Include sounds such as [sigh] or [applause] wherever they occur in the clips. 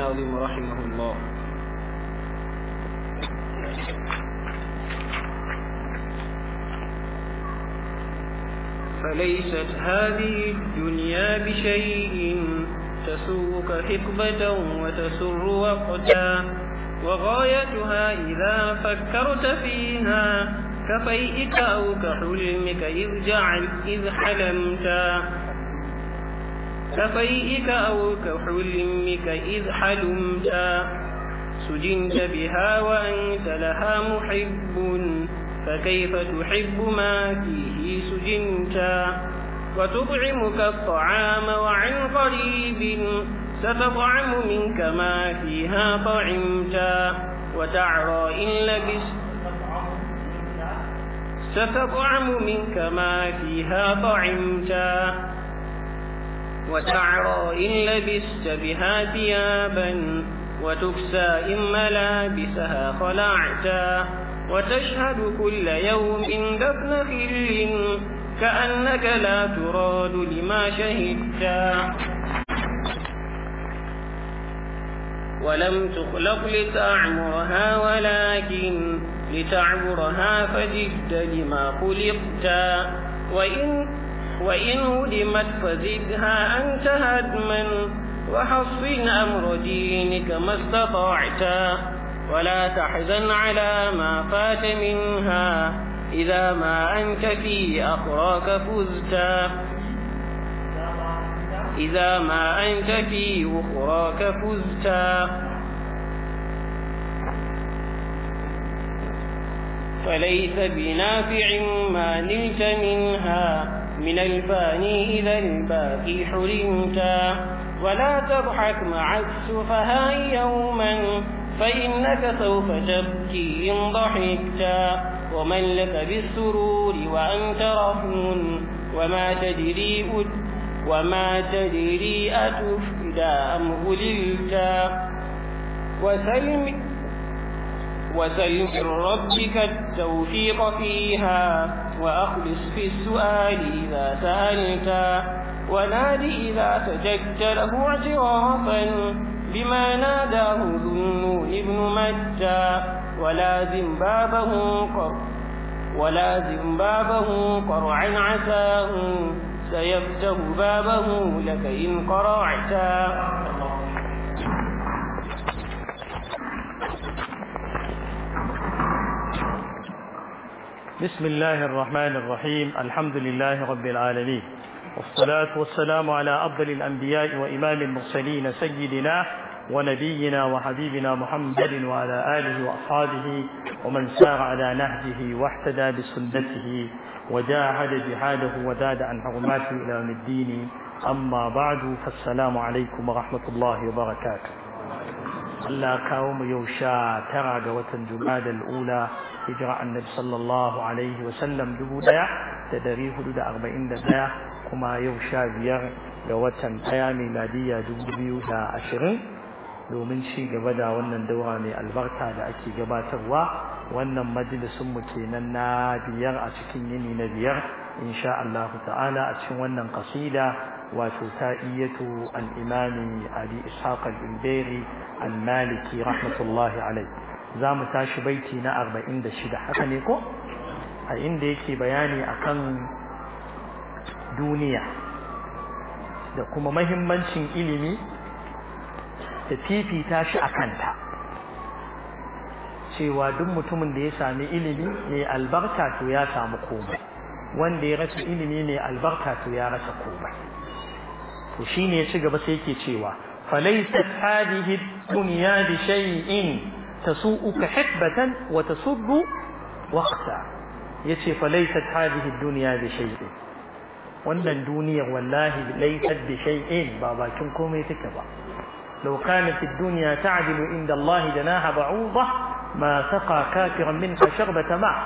العظيم رحمه الله فليست هذه الدنيا بشيء تسوق حقبة وتسر وقتا وغايتها إذا فكرت فيها كفيئك أو كحلمك إذ, جعل إذ حلمتا كطيئك أو كحلمك إذ حلمت سجنت بها وأنت لها محب فكيف تحب ما فيه سجنت وتطعمك الطعام وعن قريب ستطعم منك ما فيها طعمت وتعرى إن لبست ستطعم منك ما فيها طعمت وتعرى إن لبست بها ثيابا وتكسى إن ملابسها خلعتا وتشهد كل يوم دفن خل كأنك لا تراد لما شهدتا ولم تخلق لتعمرها ولكن لتعبرها فجدت لما خلقتا وإن وإن هدمت فزدها أنت هدما وحصن أمر دينك ما استطعت ولا تحزن على ما فات منها إذا ما أنت في أخراك فزتا إذا ما أنت في أخراك فزتا فليس بنافع ما نلت منها من الباني إذا الباقي حرمتا ولا تضحك مع السفهاء يوما فإنك سوف تبكي إن ضحكتا ومن لك بالسرور وأنت رهون وما تدري وما تدري أتفدى أم غللتا وسلم وسلم من ربك التوفيق فيها وأخلص في السؤال إذا سألت وناد إذا سجدت له اعترافا بما ناداه ذنون ابن متى ولازم بابه قر ولازم بابه قرعا عساه سيفتح بابه لك إن قرعتا بسم الله الرحمن الرحيم الحمد لله رب العالمين والصلاة والسلام على أفضل الأنبياء وإمام المرسلين سيدنا ونبينا وحبيبنا محمد وعلى آله وأصحابه ومن سار على نهجه واحتدى بسنته وجاهد جهاده وزاد عن حرماته إلى يوم الدين أما بعد فالسلام عليكم ورحمة الله وبركاته الله كاوم يوشا ترى جوة الجماد الأولى hijira annabi sallallahu alaihi wasallam dubu ɗaya da ɗari hudu da arba'in da ɗaya kuma yau sha biyar ga watan ɗaya miladiyya dubu biyu da ashirin domin ci gaba da wannan daura mai albarka da ake gabatarwa wannan majalisunmu kenan na biyar a cikin yini na biyar insha Allah ta'ala a cikin wannan kasida wato iyatu al-imami Ali Ishaq al-Imbairi al-Maliki rahmatullahi alayhi za mu tashi baiti na arba'in da shida haka ne ko a inda yake bayani akan duniya da kuma mahimmancin ilimi da fifita shi a kanta cewa duk mutumin da ya sami ilimi ne albarka to ya samu komai wanda ya rasa ilimi mai albarka to ya rasa komai to shine ya ci gaba sai yake cewa falaysat hadhihi dunya bi shay'in تسوءك حقبة وتسب وقتا يتي فليست هذه الدنيا بشيء وان الدنيا والله ليست بشيء بابا كنكم يتكبا لو كانت الدنيا تعدل عند الله جناها بعوضة ما سقى كافرا منها شربة مع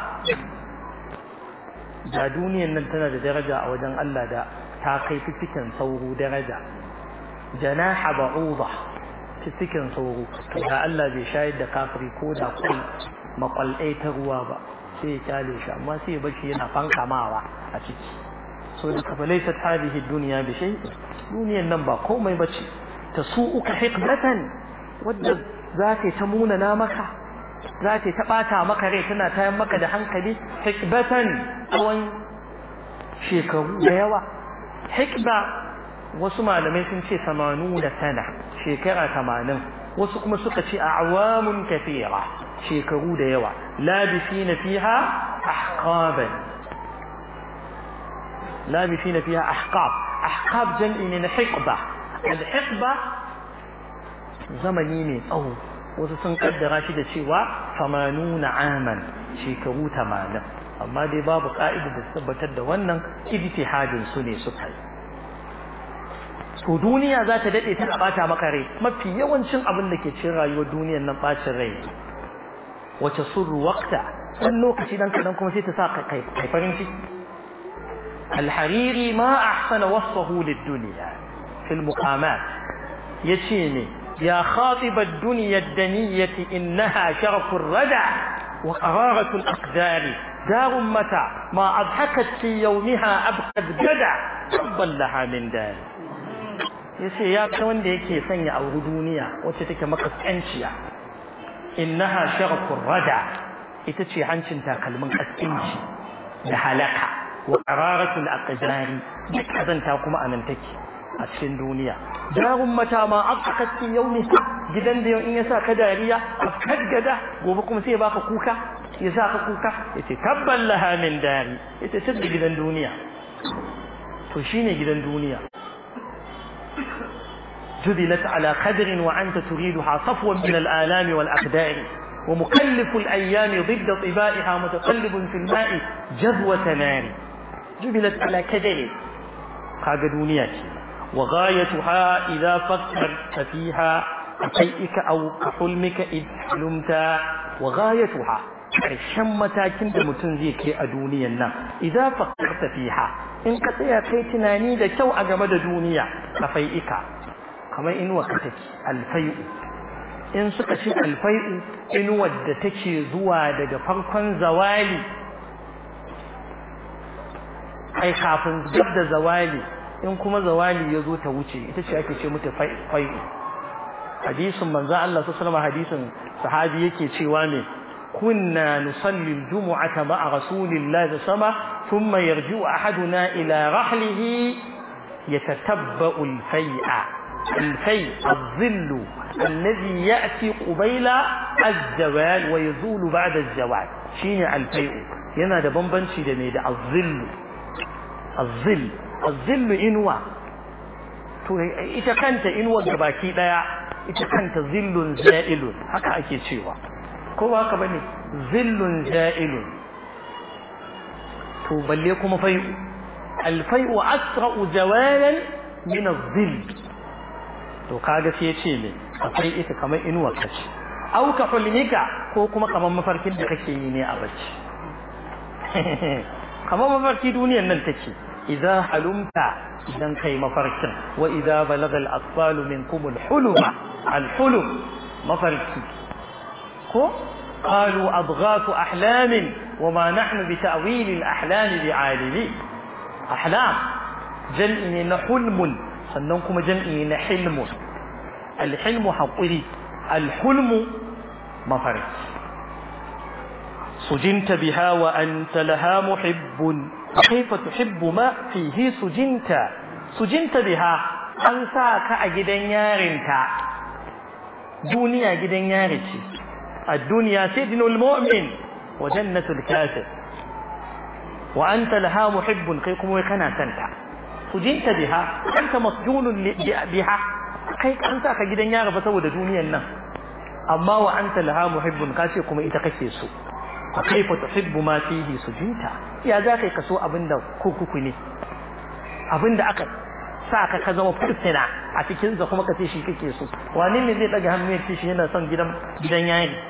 جا دنيا ننتنى درجة أو جن ألا دا تاقي في فتن صوه درجة جناح بعوضة cikin sauro to da Allah bai shayar da kafiri ko da kun makwalai ta ruwa ba sai ya kyale shi amma sai ya bashi yana fankamawa a ciki so da kafa laisa tarihi duniya bi shi duniyan nan ba komai bace ta su uka hikmatan wadda za ta ta na maka za ta ta bata maka rai tana tayar maka da hankali hikbatan tsawon shekaru da yawa hikba wasu malamai sun ce samanu sana shekara tamanin wasu kuma suka ce awamun kafira shekaru da yawa labisi fiha ahqaban labisi fiha ahqab ahqab jam'i ne na hiqba al-hiqba zamani ne tsawo wasu sun kaddara shi da cewa samanuna aman shekaru tamanin amma dai babu ka'ida da tabbatar da wannan ijtihadin su ne suka yi so duniya za ta dade tana bata maka rai mafi yawancin abin da ke cikin rayuwar duniyar nan ɓacin rai wace surru waqta wani lokaci dan kadan kuma sai ta sa kai kai farin ciki al-hariri ma ahsana wasfahu lid-dunya fil muqamat yace ne ya khatib ad-dunya ad-daniyati innaha sharafur rada wa qararatu al-aqdari darum mata ma adhakat fi yawmiha abqad jada تبا laha min ذلك ya ce ya ta wanda yake sanya auri duniya wacce take Inna ha sharakur rada ita ce hancin takalmin kaskanci da halaka wa qararatul aqdari da kazanta kuma nan take a cikin duniya darun mata ma abqatki yawmi gidan da in yasa ka dariya gada. gobe kuma sai baka kuka yasa ka kuka ce tabbal laha min dari yace gidan duniya to shine gidan duniya جذلت على خدر وأنت تريدها صفوا من الآلام والأقدار ومكلف الأيام ضد طبائها متقلب في الماء جذوة نار جبلت على كدر قاعدة وغايتها إذا فكرت فيها كشيئك أو كحلمك إذ حلمت وغايتها ƙarshen matakin da mutum zai kai a duniyan nan idza faqarta fiha in ka tsaya kai tunani da kyau a game da duniya kafai ika kamar inuwa ka take alfai'u in suka ci alfai'u inuwar da take zuwa daga farkon zawali ai kafin gab da zawali in kuma zawali ya zo ta wuce ita ce ake ce mata fai'u hadisin manzo Allah sallallahu alaihi wasallam hadisin sahabi yake cewa ne كنا نصلي الجمعة مع رسول الله صلى الله عليه وسلم ثم يرجع أحدنا إلى رحله يتتبأ الفيء الفيء الظل الذي يأتي قبيل الزوال ويزول بعد الزوال شين الفيء ينا ده بمبنشي ده ميدا الظل الظل الظل إنوى تو ita kanta inuwar gabaki daya ita kanta zillun za'ilun haka kowa ba haka bane zillun ja'ilun to balle kuma fai fai'u wa asra'u jawalan min az-zill to kaga sai yace ne akwai ita kamar inuwa kace au ka hulmika ko kuma kamar mafarkin da kake yi ne a bacci kamar mafarki duniyar nan take idza halumta idan kai mafarkin wa idza balagha al-atfalu minkum al hulma al hulm mafarki خ قالوا أضغاث أحلام وما نحن بتأويل الأحلام بعالمين أحلام جمعين حلم سننكم جمعين حلم الحلم حقري الحلم مفرق سجنت بها وأنت لها محب كيف تحب ما فيه سجنت سجنت بها أنساك أجدن يارنك دوني أجدن يارنك الدنيا سجن المؤمن وجنة الكافر وأنت لها محب كيكم كم وكنا سنتا سجنت بها أنت مسجون بها كيك أنت أخجد أن رب سود الدنيا النم أما وأنت لها محب كاشي كم إتكسيسو فكيف تحب ما فيه سجنت يا ذاك كسو أبندا كوكوكني أبندا أكل sa ka ka zama fursuna a cikin kuma ka ce shi kake so wani ne zai daga hannu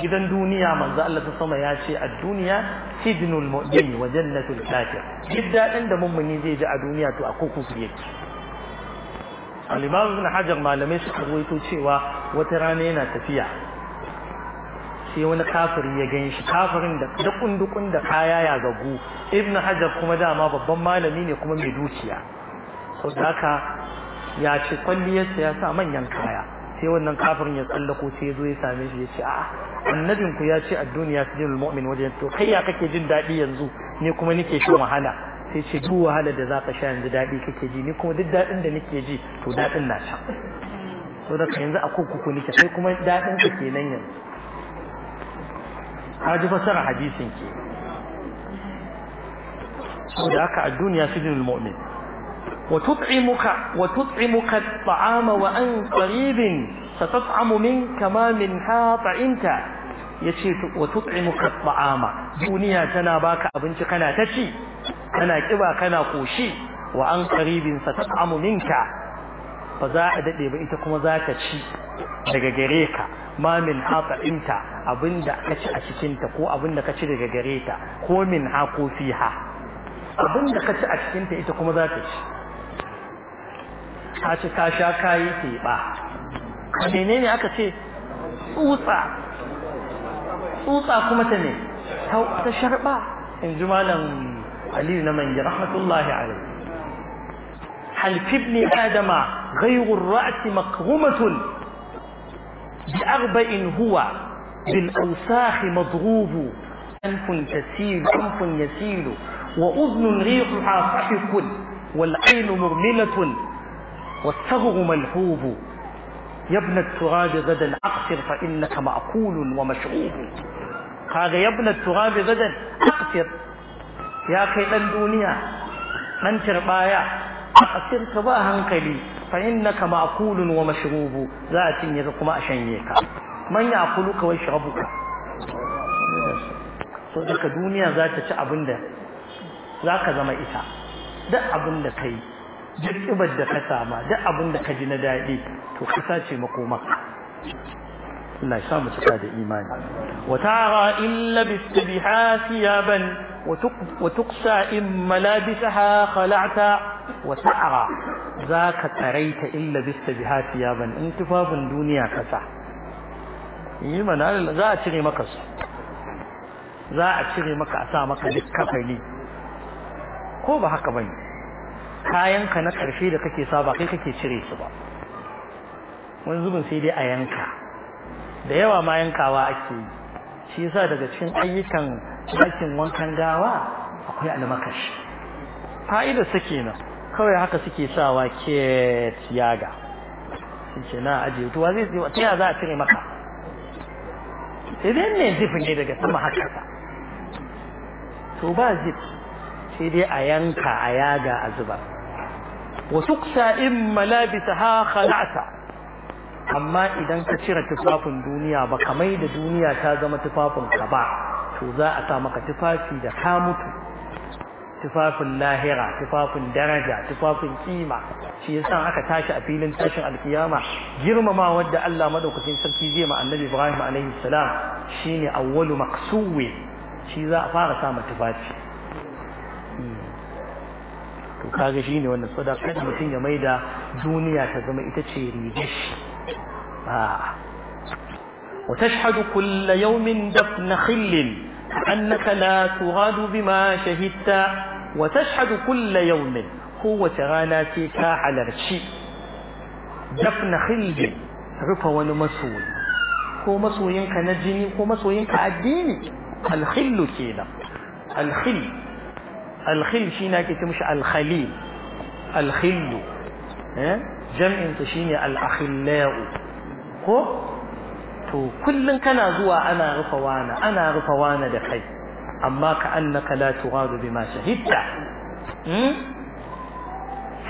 gidan duniya manzo Allah ta sama ya ce ad-dunya sijnul mu'min wa jannatul kafir duk dadin da mummuni zai ji a duniya to a kurkuku yake al-imam ibn hajar malamai suka ruwaito cewa wata rana yana tafiya sai wani kafiri ya gan shi kafirin da dukun dukun da kaya ya gagu ibn hajar kuma dama babban malami ne kuma mai dukiya saboda haka ya ce kwalliyarsa ya sa manyan kaya sai wannan kafirin ya tsallako sai ya zo ya same shi ya ce a'a annabin ku ya ce a duniya su jinul mu'min wajen to kai ya kake jin daɗi yanzu ne kuma nike shan wahala sai ce duk wahala da za ka sha yanzu daɗi kake ji ni kuma duk daɗin da nike ji to daɗin na sha to da yanzu a kurkuku nike sai kuma daɗin ka kenan yanzu ka ji fasara hadisin ke saboda haka a duniya su jinul mu'min وتطعمك وتطعمك الطعام وأن قريب ستطعم منك ما من حاطئنك yace wa tut'imuka ta'ama duniya tana baka abinci kana ta ci kana kiba kana koshi wa an qaribin sat'amu minka fa za a dade ba ita kuma za ta ci daga gare ka ma min abinda ka a cikin ta ko abinda ka daga gare ta ko min ha ko fiha abinda kaci a cikin ta ita kuma za ta ci ka ci ka sha ka yi teɓa menene aka ce tsutsa tsutsa kuma ta ne ta sharba in ji malam aliyu na manji rahmatullahi alaihi halfi ibn adama ghayru ra'si makhumatun bi arba'in huwa bil awsakh madghub anfun tasilu anfun yasilu wa udhnun rihuha sahikun wal والعين مرملة والثغر ملحوب يا ابن التراب غدا أقصر فإنك معقول ومشغوب هذا يا ابن التراب غدا أقصر يا اخي أن دنيا من تربايا أقصر كبا هنكلي فإنك معقول ومشغوب ذات يذقما أشنيك من ياكلك ويشربك so daga duniya za ta ci abin da za ka zama ita duk abin da ka yi duk da ka sama abin da ka ji na daɗi to ka ce makomaka Allah ya cika da imani wa tara illa bi istibihat yaban wa tuqsa in malabisaha khala'ta wa ta'ara zaka tsaraita illa bi istibihat yaban in tufafin duniya kasa sa yi mana za a cire maka su za a cire maka a sa maka duk kafani ko ba haka bane kayanka na ƙarfi da kake sa ba kai kake cire su ba wani zubin sai dai a yanka da yawa ma yankawa ake yi shi yasa daga cikin ayyukan ɗakin wankan gawa akwai almakashi fa'ida su kenan kawai haka suke sawa ke yaga suke na ajiye tuwa zai tsaye ta yaya za a cire maka idan ne zifi ne daga sama haka to ba zifi sai dai a yanka a yaga a zubar wasuqta in malabisaha khala'ta amma idan ka cire tufafin duniya ba kamar da duniya ta zama tufafin ka ba to za a sa maka tufafi da ka mutu tufafin lahira tufafin daraja tufafin kima shi yasa aka tashi a filin tashin alkiyama girmama da Allah madaukakin sarki zai ma annabi Ibrahim alaihi salam shine awwalu maqsuwi shi za a fara sa tufafi to kage shine wannan saboda da mutum ya maida duniya ta zama ita ce rigashi a وتشهد كل يوم دفن خل أنك لا تغاد بما شهدت وتشهد كل يوم هو تغاناتي تيكا على رشي دفن خل رفا ونمسول هو مسوين كنجني هو مسوين كعديني الخل كينا الخل الخل شينا كتمش ake الخل جمع alkhali الأخلاء هو تو كل كان زوا أنا رفوانا أنا رفوانا دخي أما كأنك لا ana بما شهدت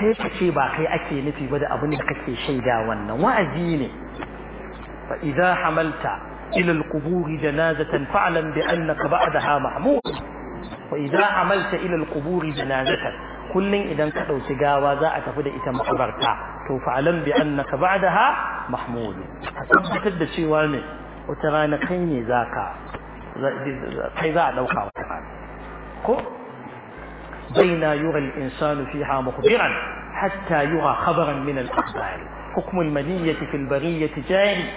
sai ta ce ba kai ake nufi ba da abin da kake shaida wannan wa'azi ne fa idza hamalta ila al quburi janazatan fa'lam bi annaka ba'daha mahmud فإذا عملت إلى القبور جنازة كل إذا كدو سقاوة ذا أتفد إتم قبرك فعلم بأنك بعدها محمود أتبت الشيء وانه وترى نقيني ذاك حيث أدوك قل بين يرى الإنسان فيها مخبرا حتى يرى خبرا من الأخبار حكم المنية في البرية جاري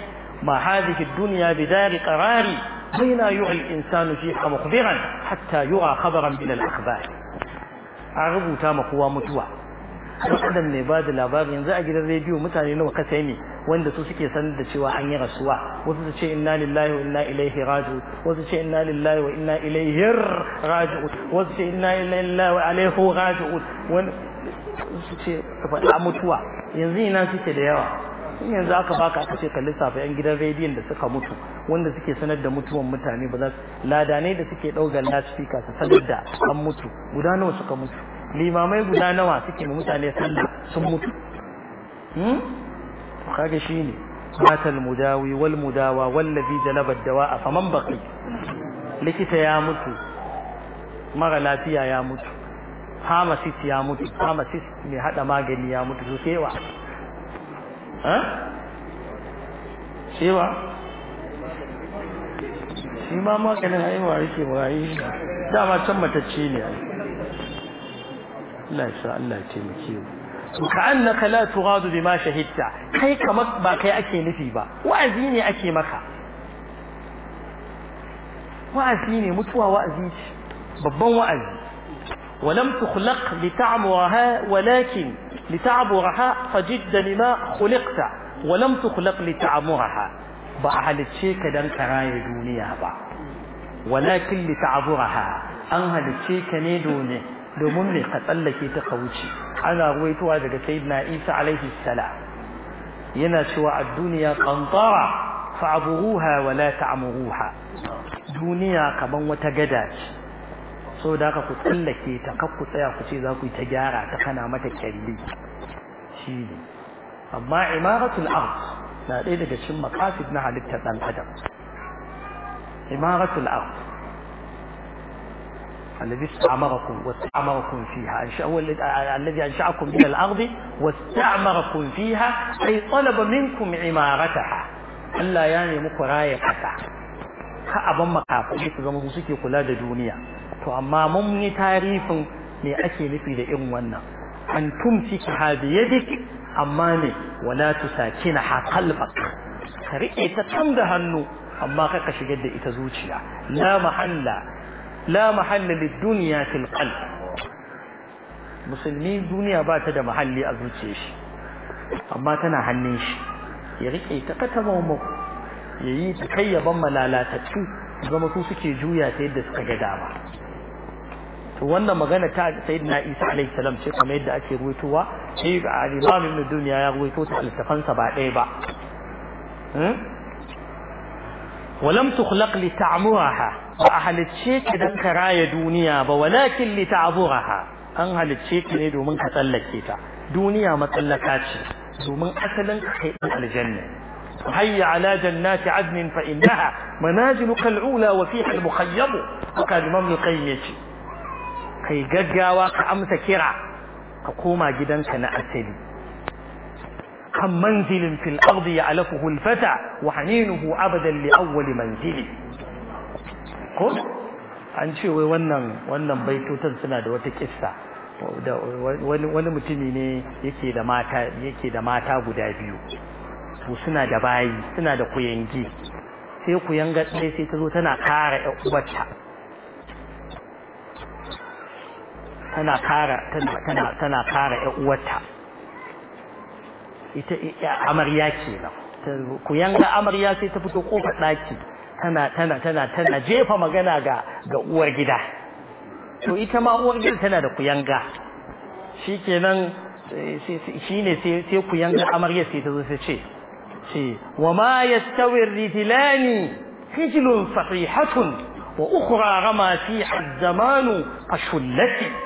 ما هذه الدنيا بدار قراري بين يرى الإنسان جيحا مخبرا حتى يرى خبرا من الأخبار أعرفوا تامك ومتوى وقد النباد الأباغ ينزع إلى الريديو متعني نوع كثيني وإنه تسكي سند شوى عن يغسوى وتسكي إنا لله وإنا إليه راجو وتسكي إنا لله وإنا إليه راجو وتسكي إنا لله وعليه راجو وإنه تسكي أمتوى ينزعنا سيكي ديوه in yanzu aka baka aka ce kalli lissafa yan gidan rediyon da suka mutu wanda suke sanar da mutuwan mutane ba za su ladanai da suke ɗaukar lasfika su sanar da an mutu guda nawa suka mutu limamai guda nawa suke ma mutane sallah sun mutu hmm? shi ne. matal mudawi wal mudawa wallazi jalaba dawa faman baqi likita ya mutu mara lafiya ya mutu pharmacist ya mutu pharmacist mai hada magani ya mutu wa ha? shi ba shi ma makanin haihuwa yake waye dama can matacce ne a Allah Allah ce muke su ka'an na kalatu gado bi ma shahidta kai kamar ba kai ake nufi ba wa'azi ne ake maka wa'azi ne mutuwa wa'azi babban wa'azi ولم تخلق لتعمرها ولكن لتعبرها فجد لما خلقت ولم تخلق لتعمرها بحال الشيك دان كراي دنيا با ولكن لتعبرها ان هل الشيك دوني دومن ني كتلكي تا كوشي انا رويت هذا سيدنا عيسى عليه السلام ينا شو الدنيا قنطره فعبروها ولا تعمروها دنيا كبن وتا so da ka ku tallake ta kar ku tsaya ku ce za ku yi ta gyara ta kana mata kyalli shi ne amma imaratul ard na ɗaya daga cikin maqasid na halitta dan adam imaratul ard الذي استعمركم واستعمركم فيها الذي أنشأكم من الأرض واستعمركم فيها أي طلب منكم عمارتها ألا يعني مكراية حتى كأبا مكافئة زمان سكي قلا دنيا to amma mun yi tarifin me ake nufi da irin wannan an tumsiki ha biyadik amma ne wala tusakina ha qalbak ka rike ta tam da hannu amma kaka shigar da ita zuciya la mahalla la mahalla lidunya fil qalb musulmi duniya ba ta da mahalli a zuciyar shi amma tana hannun shi ya rike ta katamamo yayi ta kayyaban malalatattu zama su suke juya ta yadda suka ga dama to wannan magana ta sayyidina Isa alayhi salam ce kamar yadda ake ruwaitowa shi al-Imam Ibn Dunya ya ruwaito ta sa ba ɗaya ba ولم تخلق لتعمرها walakin li ta'buraha an ولكن لتعبرها ne أهل ka tsallake ta duniya matsallaka ce domin asalin أسلا كحيئا الجنة حي على جنات عدن فإنها منازلك الأولى وفيها المخيم وكان الإمام القيم kai gaggawa ka amsa kira ka koma gidanka na asali kan manzilin fil ardi ya'lafuhu al-fata wa haninuhu abadan li awwal manzili ko an ce wai wannan wannan baitotan suna da wata kissa wani mutumi ne yake da mata yake da mata guda biyu to suna da bayi suna da kuyangi sai kuyanga ɗaya sai ta zo tana kara ƴan uwarta tana kara tana tana kara ya uwarta ita amarya ba ku yanga amarya sai ta fito kofa daki tana tana tana tana jefa magana ga ga uwar gida to ita ma uwar gida tana da kuyanga shikenan eh, shine sai sai kuyanga amarya sai ta zo sai ce ce wa ma yastawi ar hijlun sahihatun wa ukhra rama fi az-zamanu ashullati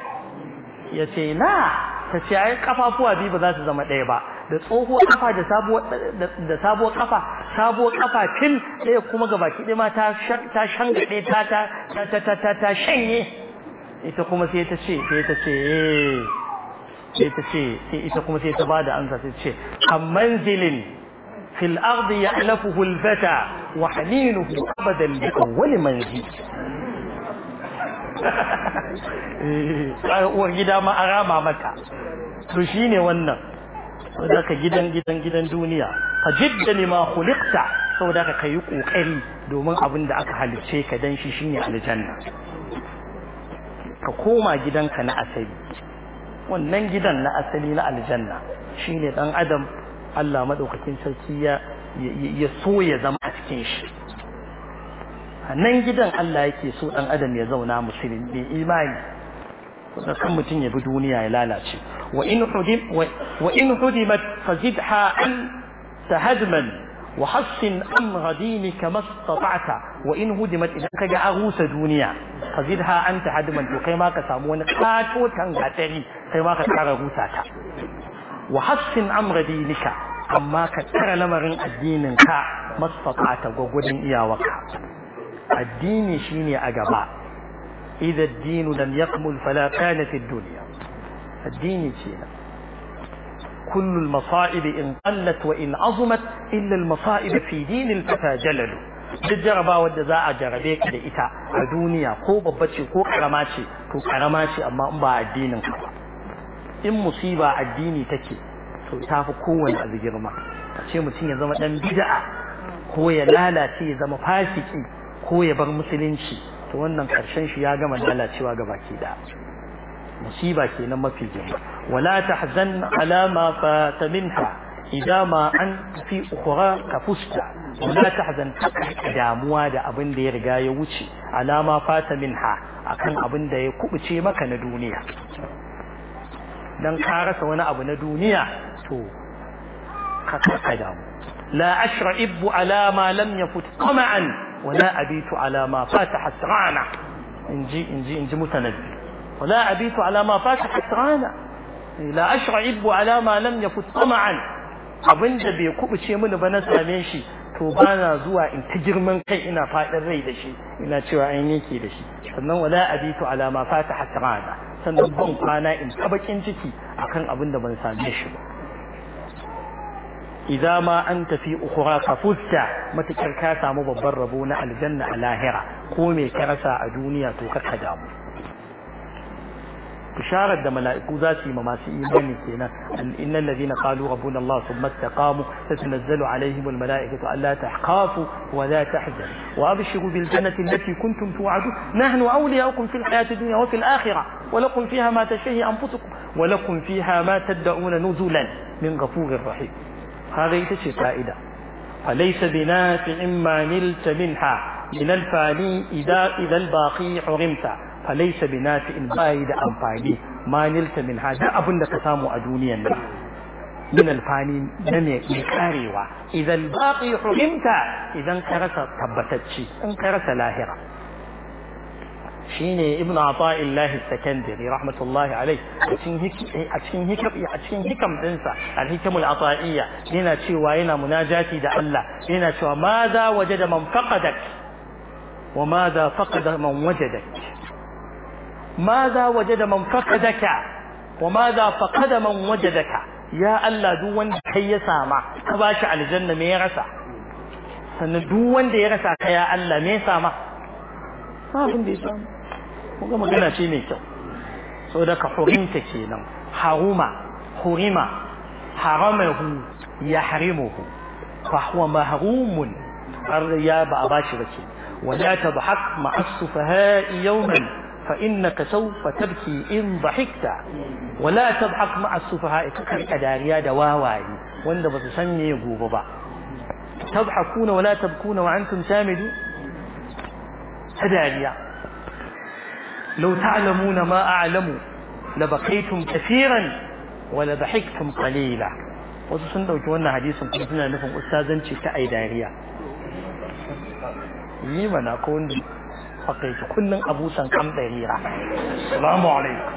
ya ce na ta ce ai kafafuwa biyu ba za su zama ɗaya ba da tsohuwar kafa da sabuwar kafa sabuwar kafa fil ɗaya kuma gabaki ɗaya ma ta shangaɗe ta ta ta ta ta shanye ita kuma sai ta ce sai ta ce eh. sai ta ce sai ita kuma sai ta ba da amsa sai ce amman zilin fil ardi ya'lafuhu al-fata wa haninuhu abadan li awwal manzil Eh, uwar gida ma a rama mata to ne wannan saboda ka gidan gidan gidan duniya ka jidda lima sau saboda ka kai ƙoƙari domin abin da aka halice ka dan shi shine aljanna ka koma gidanka na asali wannan gidan na asali na aljanna shine dan adam Allah madaukakin sarki ya ya so ya zama a cikin shi a nan gidan Allah yake so dan adam ya zauna musulmi mai imani da kan mutum ya bi duniya ya lalace wa in hudim wa in hudimat fazidha an tahadman wa hassin amra dinika mastata'ta wa in hudimat idan ka ga arusa duniya fazidha an tahadman to kai ma ka samu wani katotan gatari kai ma ka kara rusa ta wa hassin amra dinika amma ka tsara lamarin addinin ka mastata'ta gwagwadin iyawarka الدين شيني أجبع إذا الدين لم يكمل فلا كانت الدنيا الدين شيني كل المصائب إن قلت وإن عظمت إلا المصائب في دين الفتى جلل بجربا ودزاء جربيك لإتاء الدنيا قو ببتش قو كرماشي قو كرماشي أما أمبا الدين إن مصيبة الدين تكي تعرف كون الجرمة شيء متين زمان بدأ هو لا لا شيء زمان ko ya bar musulunci to wannan karshen shi ya gama lalacewa ga baki da musiba kenan mafi girma wala tahzan ala ma fata minha idza ma an fi ukhra kafusta wala tahzan damuwa da abin da ya riga ya wuce ala ma fata minha akan abin da ya kubuce maka na duniya dan ka rasa wani abu na duniya to ka ka damu la ashra ibu ala ma lam yafut qama'an ولا أبيت على ما فاتح غانا انجي انجي انجي متند ولا أبيت على ما فاتح غانا لا أشعب على ما لم يفت طمعا أبن جبي كبشي من بنسى منشي توبانا زوا إن تجرمن كي إنا فائد الرئي دشي إنا تشوى عيني كي دشي فنو لا أبيت على ما فاتح السغانة سنبون قانا إن تبك انجتي أخن أبن دبنسى منشي إذا ما أنت في أخرى قفزت ما تكركا سامو ربونا الجنة الاهرة قومي كرسا أدونيا توقع كدام بشارة دا ملائكو ذاتي مماسي إيماني كينا إن الذين قالوا ربنا الله ثم استقاموا تتنزل عليهم الملائكة ألا تحقافوا ولا تحزن وأبشروا بالجنة التي كنتم توعدون نحن أولياؤكم في الحياة الدنيا وفي الآخرة ولكم فيها ما تشتهي أنفسكم ولكم فيها ما تدعون نزلا من غفور رحيم هذا يتشي فائدة فليس بنافع ما نلت منها من الفاني إذا إذا الباقي حرمت فليس بنافع أم فاني ما نلت منها ده أبن كسامو أدونيا من الفاني نمي إكاريوا إذا الباقي حرمت إذا انكرس تبتتشي انكرس لاهرة shine ibn ata'illah al sakandari rahmatullahi alayh a cikin hikam a cikin hikam dinsa al hikam al ata'iyya yana cewa yana munajati da Allah yana cewa madha wajada man faqadak wa madha faqada man wajadak madha wajada man faqadaka wa madha faqada man wajadaka ya Allah duk wanda kai ya sama ka bashi aljanna me ya rasa sannan duk wanda ya rasa ka ya Allah me ya sama abin da ya sama kuma magana ce mai kyau so da ka hurinta kenan haruma hurima harama hu ya harimu hu fa huwa mahrumun har ya ba a bashi ba ke wala tadhak ma'a sufaha yawman fa innaka sawfa tabki in dhahikta wala tadhak ma'a sufaha ka dariya da wawaye wanda ba su san me gobe ba تضحكون ولا تبكون وأنتم سامدون هذا لو تعلمون ما أعلم لبقيتم كثيرا ولضحكتم قليلا wasu sun dauki wannan hadisin kuma suna nufin ustazanci ta ai dariya yi mana ko wanda fakaici kullum abusan kam dariya salamu alaikum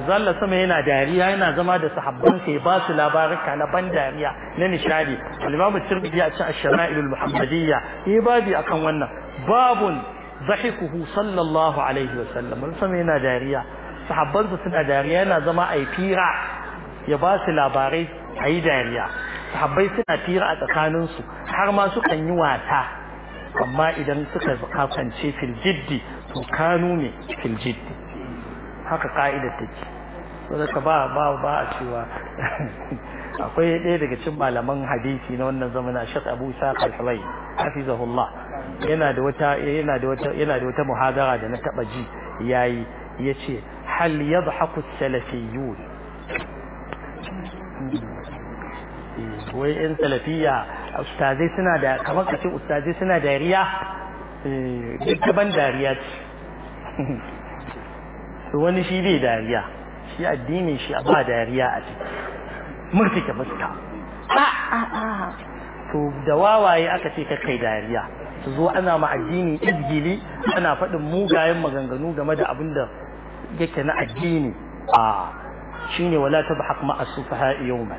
manzo sama yana dariya yana zama da sahabban sai ba su labarika na ban dariya na nishadi al-imamu tirmidhi a cikin ash-shama'il al-muhammadiyya yi babi akan wannan babun ضحكه صلى الله عليه وسلم sama yana dariya sahabbansa suna dariya yana zama a fira ya basu labarai a yi dariya sahabbai suna fira a tsakaninsu har ma sukan yi wata amma idan suka kafance filjiddi to kanu ne filjiddi haka ka'idar take saboda ba ba ba a akwai ɗaya daga cikin malaman hadisi na wannan zamanin Sheikh Abu Isa Al-Hulay hafizahullah yana da wata yana da wata yana da wata muhadara da na taba ji yayi yace hal yadhaku salafiyun eh, wai yan salafiya ustazai suna da kamar kace ustazai suna da riya eh, duk gaban dariya ce [laughs] wani shi bai dariya shi addinin shi ba dariya a ciki murtike fuska ah, ah, ah. to da wawaye aka ce kai dariya su zo ana ma addini izgili ana faɗin mugayen maganganu game da abin da yake na addini a shine wala ta tabhaq ma as-sufaha yawma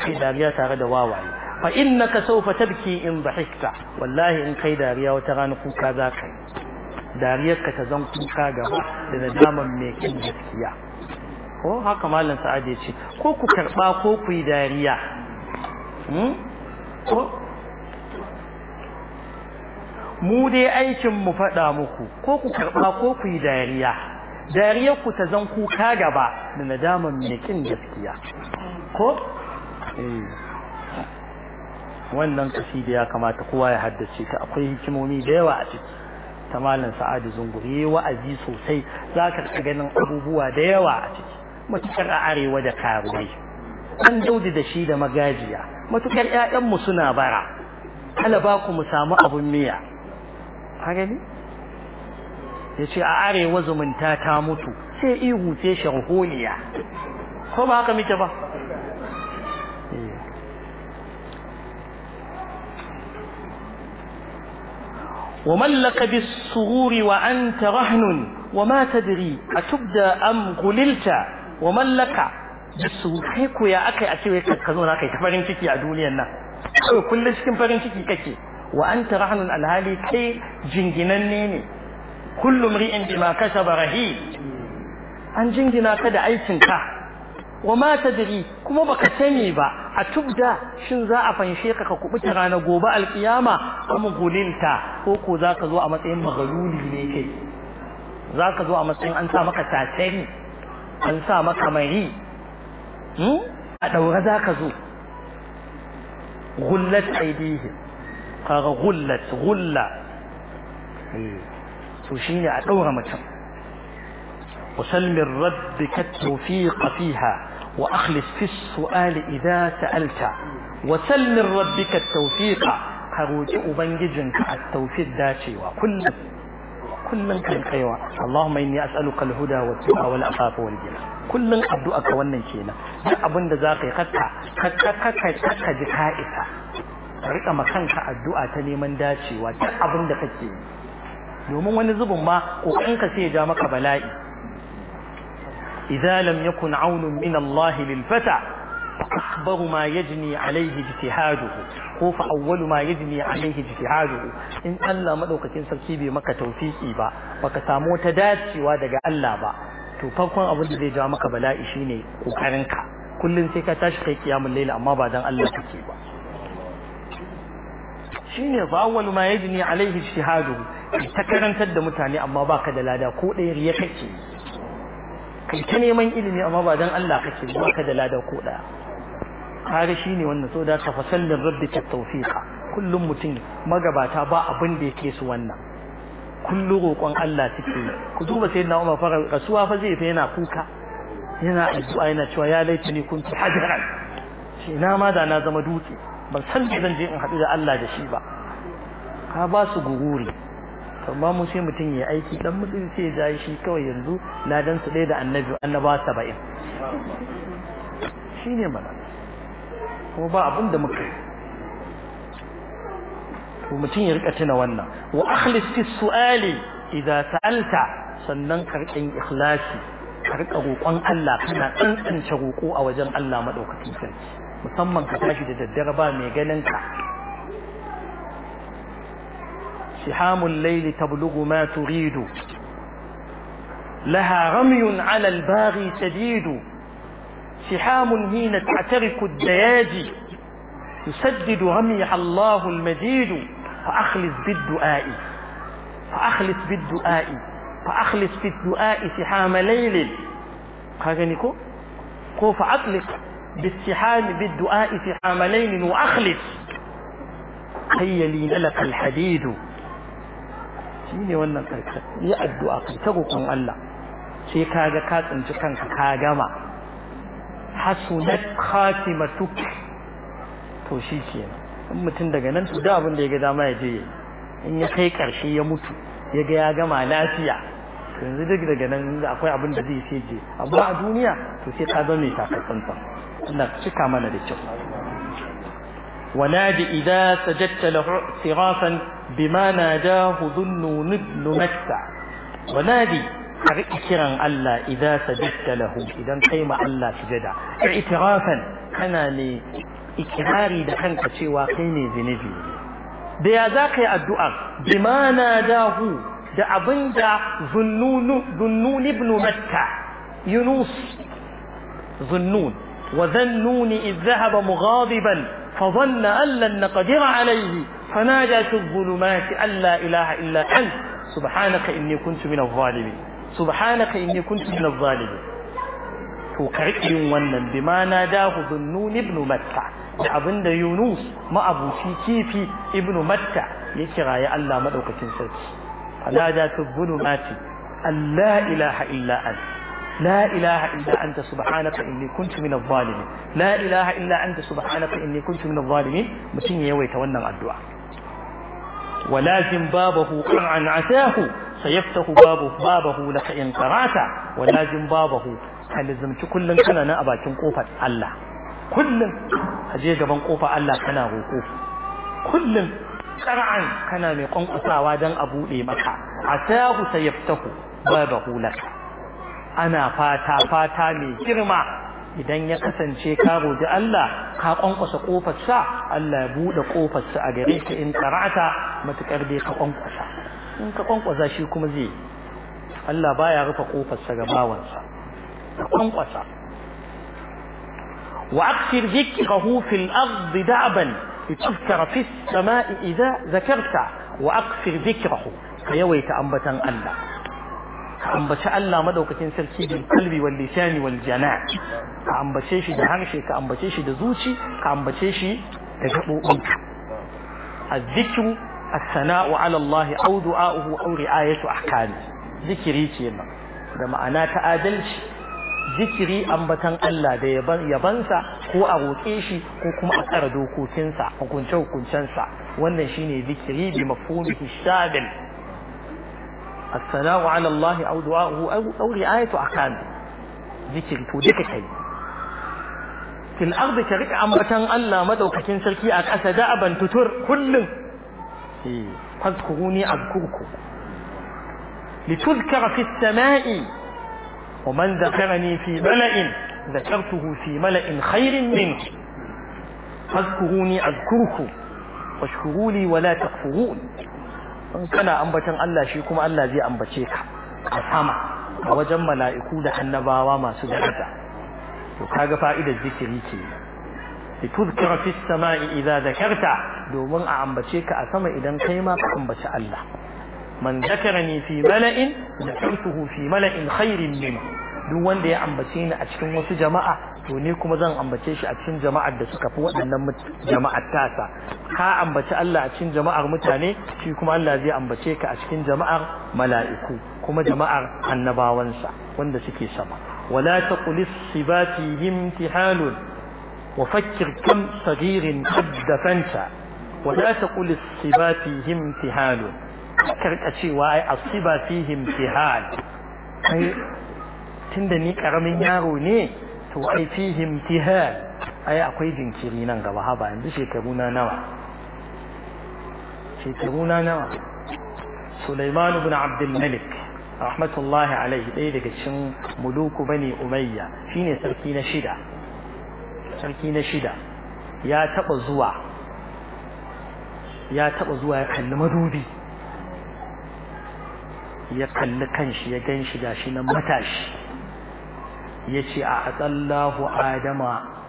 kai dariya tare da wawaye fa innaka sawfa tabki in dhahikta wallahi in kai dariya wata rana kuka za kai dariyar ka ta zan kuka gaba da nadaman mai kin gaskiya ko haka malam sa'ad ya ce ko ku karɓa ko ku yi dariya hmm? ko mu dai aikin mu faɗa muku ko ku karɓa ko ku yi dariya dariyar ku ta zan kuka gaba da nadaman mai kin gaskiya ko eh. wannan kasida ya kamata kowa ya haddace ta akwai hikimomi da yawa a ciki ta malam sa'adu zunguri wa'azi sosai za ka ganin abubuwa da yawa a ciki matukar a arewa da karuwai an daudi da shi da magajiya matukar 'ya'yanmu suna bara ba ku mu samu abun miya haka ne a arewa zumunta ta mutu sai ihu sai sharholiya ko ba haka muke ba ومن لك بالسرور وأنت رهن وما تدري اتبدا أم غللت ومن بالصغور بالسرور هيك يا أكي اكي ويكك كذون أكي تفرين تكي يا دولي كل شيء فرين تكي كي wa anta rahnun alhali ke jinginanne ne kullum ri'in bima kasaba rahi an jingina ka da aikin ka wa ma tadri kuma baka sani ba a tubda shin za a fanshe ka ka kubuta ranar gobe alkiyama kuma gulinta ko ko za ka zo a matsayin magaluli ne kai za ka zo a matsayin an sa maka tasiri an sa maka mai hmm? a ɗaure za ka zo gullat aidihi kaga gullat gulla to shine a daura mutum وسلم ربك التوفيق فيها وأخلص في السؤال إذا سألت وسلم ربك التوفيق كروجي أبنجنك التوفيق داتي وكل كل من كان كيوا اللهم إني أسألك الهدى والتقى والعفاف والجنة كل من أبدو أكوانا كينا أبن ذاقي قد قد قد قد قد قد ka rika ma kanka addu'a ta neman dacewa duk abin da kake yi domin wani zubin ma kokanka sai ya ja maka bala'i idza lam yakun aunun min Allah lil fata akbar ma yajni alayhi ijtihaduhu ko fa awwal ma yajni alayhi ijtihaduhu in Allah madaukakin sarki bai maka tawfiki ba baka samu wata dacewa daga Allah ba to farkon abin da zai ja maka bala'i shine kokarinka kullun sai ka tashi kai kiyamul layl amma ba dan Allah kake ba shine fa awwalu ma yajni alaihi ijtihadu ta karantar da mutane amma baka da lada ko ɗaya riya kake kai ta neman ilimi amma ba dan Allah kake baka da lada ko ɗaya kare shine wannan so da tafasallin rabbika tawfiqa kullum mutum magabata ba abin da yake su wannan kullu roƙon Allah take ku duba sai na Umar fara Kasuwa fa zai fa yana kuka yana addu'a yana cewa ya ni kuntu hajaran shi na ma da na zama dutse ban san me zan je in haɗu da Allah da shi ba ka ba su guguri amma mu sai mutum ya aiki dan mutum sai ya shi kawai yanzu na dan su da annabi annaba 70 shine mana ko ba abin da muka to mutum ya rika tuna wannan wa akhlis fi su'ali idza sa'alta sannan karkin ikhlasi ka rika roƙon Allah kana tsantsance roƙo a wajen Allah madaukakin sarki musamman ka tashi da daddare ba mai ganin ka sihamul layli tablughu ma turidu laha ramyun ala al-baghi sadidu سحام هين تعترك الدياجي يسدد رميح الله المجيد فأخلص بالدعاء فأخلص بالدعاء فأخلص بالدعاء سحام ليل هاجنكو كو فأطلق بالسحام بالدعاء سحاملين وأخلص خيلين لك الحديد shine wannan karshe yi addu'a kai ta roƙon Allah sai kaga ka tsinci kanka ka gama hasunat khatimatuk to shi ke in daga nan to da abin da ya ga dama ya je in ya kai karshe ya mutu ya ga ya gama lafiya yanzu duk daga nan akwai abin da zai sai je amma a duniya to sai ka zama mai takatsantsan Allah cika mana da ونادي إذا سجدت له اعترافا بما ناداه ظن نبل متع ونادي كرا لا إذا سجدت له إذا قيم لا سجدا اعترافا أنا لي إكراري دخنك شي واقيني ذنبي بيا ذاقي الدعاء بما ناداه أبن دا da zunnun ابن مكة يونس zunnun وذا النون إذ ذهب مغاضبا فظن أن لن نقدر عليه فنادى في الظلمات أن لا إله إلا أنت سبحانك إني كنت من الظالمين سبحانك إني كنت من الظالمين وكرئي ونن بما ناداه ظنون ابن متى abin يونس Yunus أبو في ibnu ابن ya kira ya Allah madaukakin sarki فنادى في الظلمات أن لا إله إلا أنت لا إله إلا أنت سبحانك إني كنت من الظالمين لا إله إلا أنت سبحانك إني كنت من الظالمين متين يوي تونم الدعاء ولازم بابه قرعا عتاه سيفتح بابه بابه لك إن قرعت ولازم بابه هلزم كل كان نأبا كنقوفة الله كل هجيك بنقوفة الله كان وقوف كل قرعا كان ميقنقصا ودن أبو لي مكا عتاه سيفتح بابه لك ana fata fata mai girma idan ya kasance ka roƙi Allah ka kwankwasa ƙofarsa Allah ya buɗe ƙofarsa a gare ka in qara'ata matakar dai ka kwankwasa in ka kwankwasa shi kuma zai Allah baya rufe ƙofarsa ga bawansa ka kwankwasa wa aksir dhikrahu fil ardi da'ban litufkara fis sama'i idza zakarta wa aksir dhikrahu ka yawaita ambatan Allah ambaci Allah madaukakin sarki bil qalbi wal lisani wal jana ka ambace shi da harshe ka ambace shi da zuci ka ambace shi da gabobin azzikru as-sana'u 'ala Allah aw du'a'uhu aw ri'ayatu ahkami zikiri kenan da ma'ana ta adalci zikiri ambatan Allah da yabansa ko a roƙe shi ko kuma a tsara dokokinsa hukunce hukuncensa wannan shine zikiri bi mafhumihi shabil الثناء على الله أو دعاؤه أو, أو رعاية أحكامه ذكر تودك كي في الأرض كريك امرة ألا مدوك كنسركي أكأس دعبا تتر كل فاذكروني أذكركم لتذكر في السماء ومن ذكرني في ملأ ذكرته في ملأ خير منه فاذكروني أذكركم واشكروا لي ولا تكفرون kana ambatan Allah shi kuma Allah zai ambace ka a sama a wajen mala'iku da annabawa masu daraja to kaga fa'idar zikiri ke ki tuzkira fi samai idza zakarta domin a ambace ka a sama idan kai ma ka ambaci Allah man zakarani fi mala'in zakartuhu fi mala'in khairin minhu duk wanda ya ambace ni a cikin wasu jama'a to ni kuma zan ambace shi a cikin jama'ar da suka fi waɗannan jama'ar tasa ka ambaci Allah a cikin jama'ar mutane shi kuma Allah zai ambace ka a cikin jama'ar mala'iku kuma jama'ar annabawansa wanda suke sama wala taqulis sibati imtihanun wa fakkir kam saghirin qaddafanta wala taqulis sibati imtihanun karka cewa ai asiba fihim tihal kai tunda ni karamin yaro ne to ai fihi imtihan ai akwai jinkiri nan gaba ba yanzu shekaru na nawa shekaru na nawa Sulaiman ibn Abdul Malik rahmatullahi alaihi ɗaya daga cikin muluku bani umayya shine sarki na shida sarki na shida ya taba zuwa ya taba zuwa ya kalli madubi ya kalli kanshi ya gan shi gashi nan matashi يشي أعطى الله آدم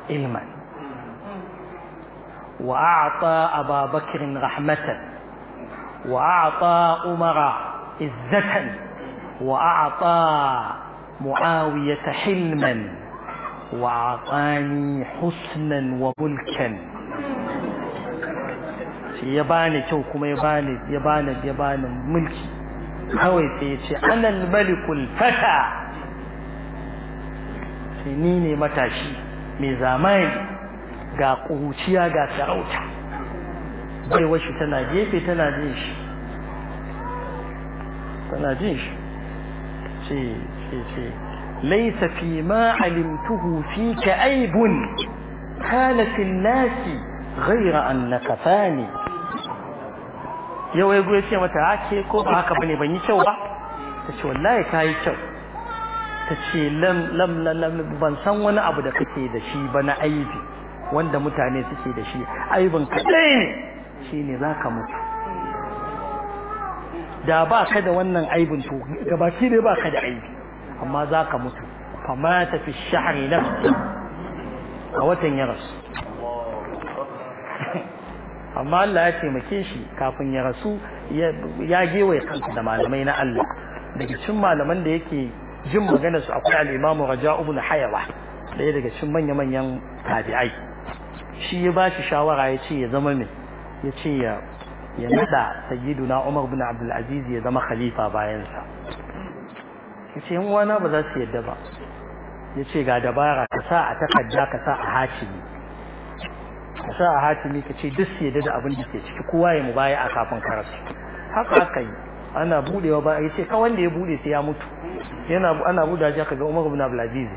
علما وأعطى أبا بكر رحمة وأعطى أمر عزة وأعطى معاوية حلما وأعطاني حسنا وملكا يباني كوكما يباني يباني يباني ملكي هو سيتي أنا الملك الفتى ce ni ne matashi mai zamani ga ƙuruciya ga sarauta baiwar shi tana gefe tana jin shi tana jin shi ce ce ce laisa fi ma alimtuhu fi ka aibun kana fi nasi ghaira annaka fani yau ya ce mata ake ko ba haka bane ban yi kyau ba ta ce wallahi ka yi kyau ta ce lam lam lam ban san wani abu da kake da shi ba na aibi wanda mutane suke da shi aibin kadai ne shine zaka mutu da ba ka da wannan aibin to gabaki ne ba ka da aibi amma zaka mutu fama ta fi shahri nafsi a watan ya rasu amma Allah ya taimake shi kafin ya rasu ya gewaye kansa da malamai na Allah daga cikin malaman da yake jin maganar su akwai al-imamu Raja' ibn Hayawa daya daga cikin manya-manyan tabi'ai shi ya bashi shawara ya ce ya zama mai ya ce ya ya nada sayyiduna Umar bin Abdul Aziz ya zama khalifa bayan sa yace yan uwana ba za su yadda ba yace ga dabara ka sa a takarda ka sa a hatimi ka sa a hatimi ka ce duk su yadda da abin da ke ciki kowa ya mubaya a kafin karasu haka aka yi ana budewa ba ya ce ka wanda ya bude sai ya mutu yana ana buda ji aka ga Umar ibn Abdul Aziz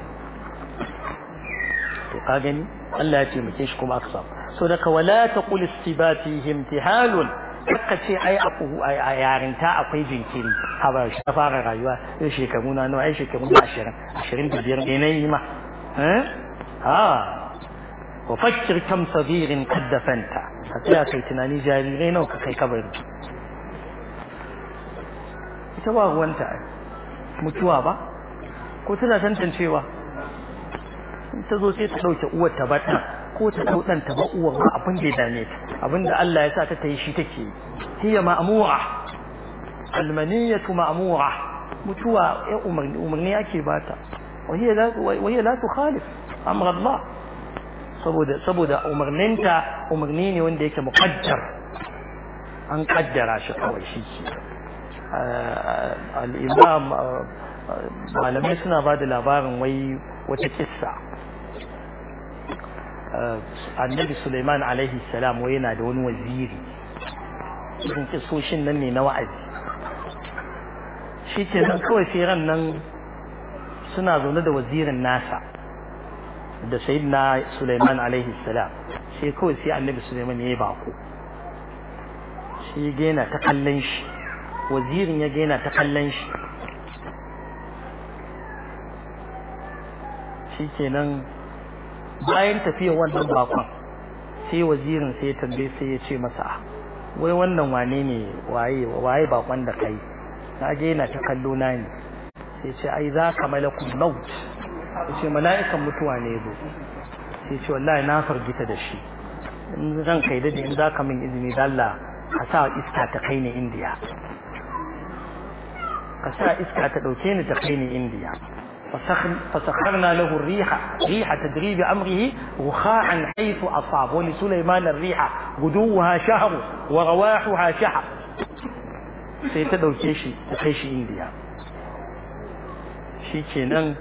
to ka gani Allah ya ce muke shi kuma aka samu so da ka wala taqul istibati imtihalun kaka ce ai a yarinta akwai jinkiri a ba shi fara rayuwa yau shekaru na nawa ai shekaru na ashirin ashirin da biyar ne na yi ma eh? ha wa fakkir kam sabirin kaddafanta ka tsaya kai tunani jarirai nawa ka kai kabari ita ba ruwanta mutuwa ba ko tana tantancewa ta zo sai ta ɗauke uwar ta baɗa ko ta ɗau ɗan ta ba uwar ba abin da ya dame ta abin da Allah ya sa ta ta yi shi take yi hiya ma'amura almaniyatu ma'amura mutuwa ya umarni umarni ake bata وهي لا تخالف أمر الله saboda saboda umarninta umarni ne wanda yake muqaddar an kaddara shi kawai shi ke al'imam malamai suna ba da labarin wai wata kissa annabi suleiman alaihi salam wai yana da wani waziri irin kisoshin nan ne na wa'azi shi ke nan kawai tseren nan suna zaune da wazirin nasa da na suleiman alaihi salam sai kawai sai annabi suleiman ya yi bako shi gena ta kallon shi wazirin ya gaina ta kallon shi shi kenan bayan tafiya wannan bakon sai wazirin sai ya sai ya ce masa wai wannan wane ne waye waye bakon da kai na gaina ta kallo na ne sai ce ai za ka malakul maut sai ce mala'ikan mutuwa ne zo sai ce wallahi na fargita da shi in zan kai da in za ka min izini dalla a sa iska ta kai ne indiya ka sa iska ta ɗauke ni ta kai ni indiya فسخرنا له الريح ريح تدريب أمره رخاء حيث أصاب ولسليمان الريح غدوها شهر ورواحها شهر سيتدو كيشي تخيشي إنديا شي كينان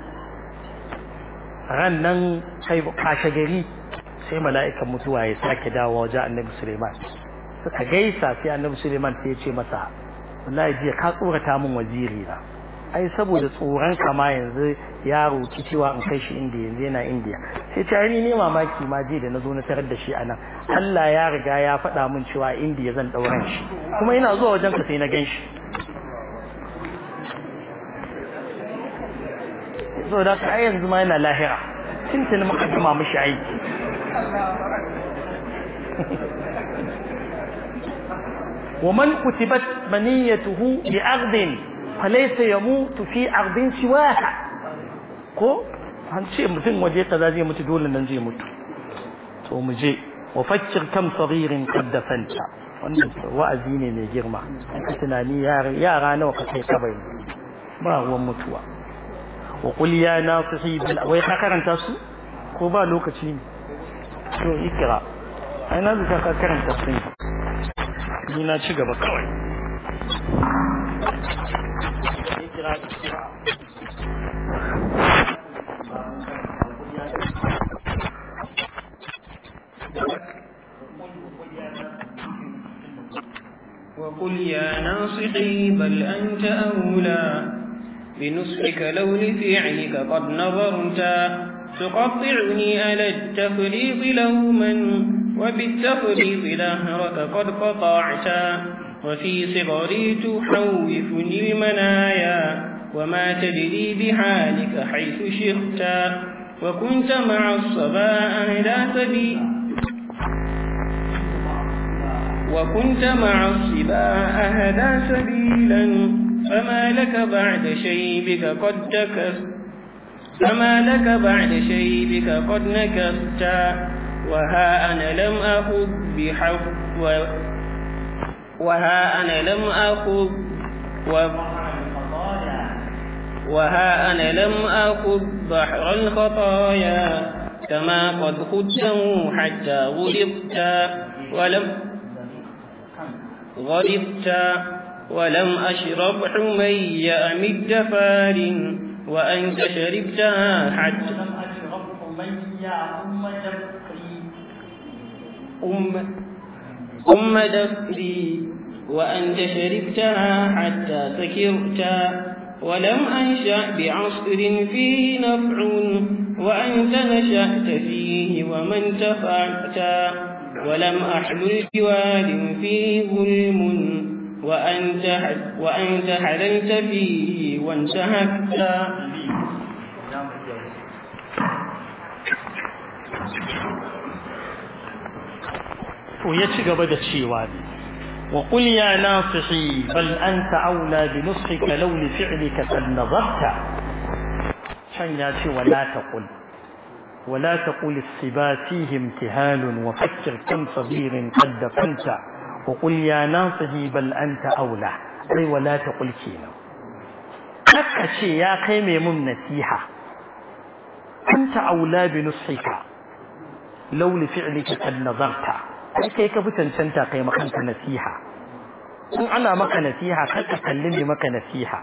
rannan sai kashe gari sai mala'ikan mutuwa ya sake dawo wajen annabi Suleiman suka gaisa sai annabi Suleiman sai ya ce masa wallahi jiya ka tsorata min waziri na ai saboda tsoron kama yanzu yaro ki cewa in kai shi indiya yanzu yana indiya sai ta ni ne mamaki ma je da nazo na tarar da shi anan Allah ya riga ya faɗa min cewa indiya zan ɗauran shi kuma ina zuwa wajen ka sai na gan shi so da ai yanzu ma yana lahira mu muka gama mishi aiki ومن كتبت منيته بأرض فليس يموت في أرض سواها ko an ce mutum waje kaza zai mutu dole nan zai mutu to mu je wa fakkir kam sagirin qaddafanta wannan wa'azi ne mai girma ka tunani yara nawa ka kai kabari ba ruwan mutuwa wa qul ya nasihi bil wai ka su ko ba lokaci to ai na ni na ci gaba kawai وقل يا ناصحي بل أنت أولى بنصحك لو لفعلك قد نظرت تقطعني على التفريط لوما وبالتفريط ظهرك قد قطعتا وفي صغري تحوفني المنايا وما تدري بحالك حيث شئتا وكنت مع الصبا أهلا تبي وكنت مع الصبا أهدا سبيلا فما لك بعد شيبك قد تكس فما لك بعد شيبك قد نكستا وها أنا لم أخذ بحق و... وها أنا لم أخذ و... وها أنا لم أخذ بحر الخطايا كما قد خدته حتى غلبت ولم غلبت ولم أشرب حمي أمد فار وأنت شربتها حتى لم أشرب حمي أمد أم أم دفري وأنت شربتها حتى سكرت ولم أنشأ بعصر فيه نفع وأنت نشأت فيه ومن تفعت ولم أحمل جوال فيه ظلم وأنت, وأنت حللت فيه وانتهكت Thank نعم، you. نعم. to ya ci gaba da cewa wa qul ya nasihi bal anta aula bi nuskhika law li fi'lika sanadabta can ya ce wala taqul ولا تقل الصبا فيه امتهال وفكر كم صغير قد دفنت وقل يا ناصحي بل أنت أولى أي ولا تقل كينا أكشي يا قيمي من نسيحة أنت أولى بنصحك لو لفعلك قد نظرت ai kai ka fi cancanta kai makanka nasiha in ana maka nasiha kar ka kalli ne maka nasiha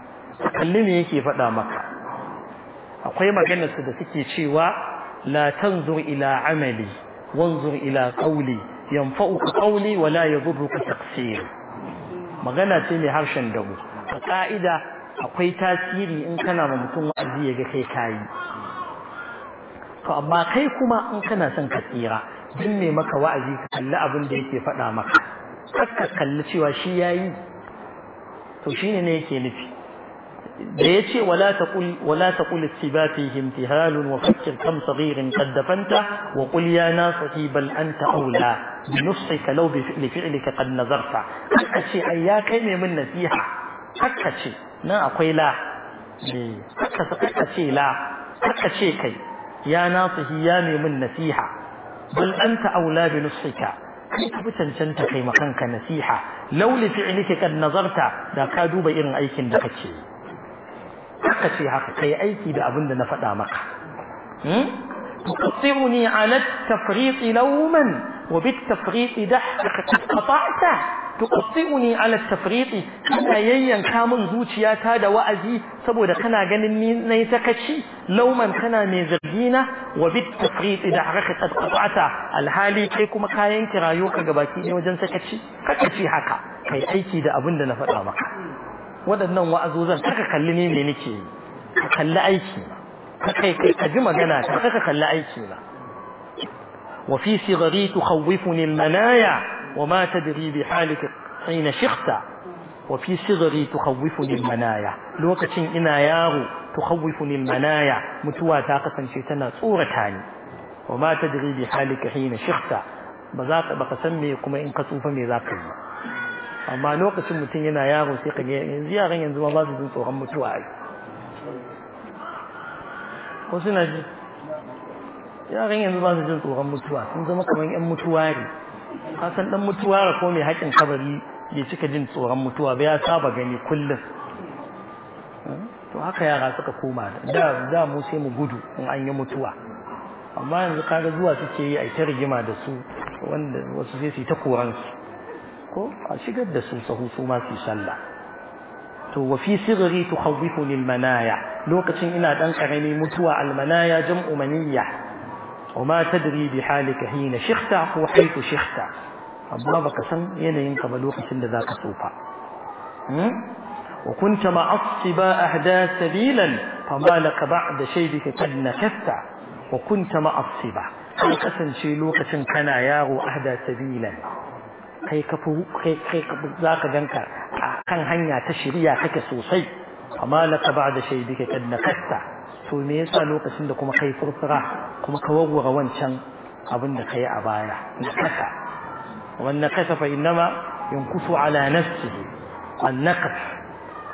kalli ne yake faɗa maka akwai maganar su da suke cewa la tanzur ila amali wanzur ila qawli yanfa'uka qawli wa la yadhurruka taqsir magana ce mai harshen dabo a ka'ida akwai tasiri in kana ma mutum wa'azi ya ga kai kayi to amma kai kuma in kana son ka tsira binne maka wa'azi ka kalli abin da yake fada maka kakka kalli cewa shi yayi to shine ne yake nufi da yace wala taqul wala taqul sibatihi imtihalun wa fakkir kam saghirin qad dafanta wa qul ya nasati bal anta aula bi nafsika law bi fi'lika qad nazarta kakka ce ai ya kai ne min nasiha kakka ce nan akwai la kakka ce la kakka ce kai ya nasihi ya ne min nasiha بل أنت أولى بنصحك كيف بتنشنت في مكانك نسيحة لو لفعلك قد نظرت دا كادو بإرن أيك دكتشي دكتشي حقا كي أيك دا أبند نفدامك تقصرني على التفريط لوما وبالتفريط دحق قطعت تقطعني على التفريط أنا يين كامن زوجي أتاد وأزي سبودا كنا جنني نيسكشي لو من كنا مزرجينا وبالتفريط دحق قطعت الحالي كيكم كاين كرايوك جباكي وجن سكشي كشي حكا كي أيكي دا أبونا نفر أمك waɗannan wa'azozan kaka kalli ne ne nake ka kalli aiki ka kai kai ka ji magana ka kaka kalli aiki na وفي صغري تخوفني المنايا وما تدري بحالك حين شخت وفي صغري تخوفني المنايا لوكتين إنا ياغو تخوفني المنايا متوى تاقسا شيتنا تاني وما تدري بحالك حين شخت بذاك بقسمي كما إن قصوف ذاك أما لوكتين متين إنا ياغو سيقني زيارين ينزو الله سيزن صورا متوى yaran yanzu ba su jin tsoron mutuwa sun zama kamar yan mutuwa ne kasan dan mutuwa ko mai haƙin kabari ya cika jin tsoron mutuwa ba ya saba gani kullum to haka yara suka koma da da mu sai mu gudu in an yi mutuwa amma yanzu kaga zuwa suke yi a ta rigima da su wanda wasu sai su ta koran su ko a shigar da su sahu su ma su sallah to wa fi sigri tukhawwifu lil manaya lokacin ina dan karami mutuwa al manaya jam'u maniyya وما تدري بحالك حين شخت أو حيث شخت أبواب كسن ينين قبلوك سن ذاك صوفا وكنت معصبا أهدا سبيلا فما لك بعد شيبك قد نكفت وكنت معصبا كسن شي سن كان ياغو أهدا سبيلا kai ka fu kai kai za ka ganka a kan hanya ta shiriya kake sosai amma laka ba so me yasa lokacin da kuma kai furfura kuma ka wawwara wancan abin da kai a baya na kasa wannan kasa fa ma yankusu ala nafsihi annaqas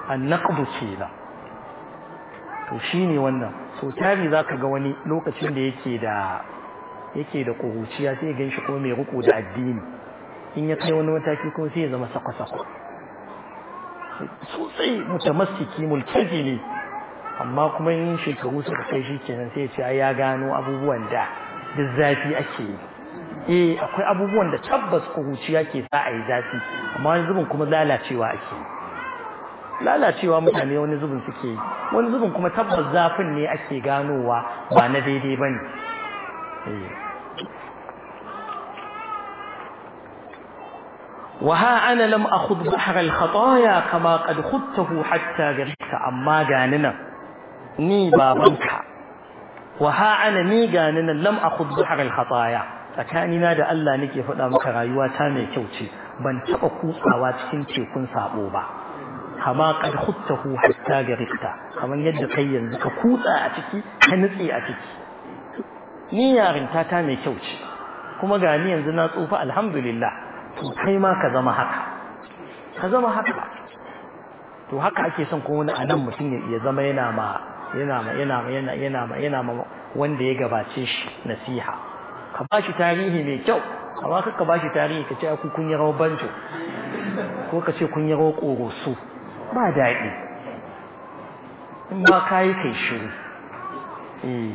annaqbu shila to shine wannan so tari zaka ga wani lokacin da yake da yake da ƙuruciya sai gan shi ko mai riko da addini in ya kai wani mataki ko sai ya zama sako-sako sosai mutamassiki ne. amma kuma yin shekaru suka kai shi kenan sai ce ya gano abubuwan da duk zafi ake yi eh akwai abubuwan da tabbas kuruciya ke sa a yi zafi amma wani zubin kuma lalacewa ake yi. lalacewa mutane wani zubin suke yi wani zubin kuma tabbas zafin ne ake ganowa ba na daidai ba ne وها انا لم اخذ بحر الخطايا كما قد خذته حتى غرقت اما جاننا ni babanka wa ha ana ni gani nan lam akhud zuhar al khataya tsakanina da Allah nake faɗa maka rayuwa ta mai kyau ce ban taɓa kutsawa cikin tekun sabo ba kama kad khuttahu hatta garikta kaman yadda kai yanzu ka kutsa a ciki ka nutse a ciki ni yarinta ta mai kyau ce kuma gani yanzu na tsufa alhamdulillah to kai ma ka zama haka ka zama haka to haka ake son ko wani anan mutum ya zama yana ma yana ma yana ma yana yana ma yana ma wanda ya gabace shi nasiha ka ba shi tarihi mai kyau amma ka ka ba shi tarihi ka ce ku kun yi rawar banjo ko ka ce kun yi rawar ƙoroso ba daɗi in ba ka yi kai shiru eh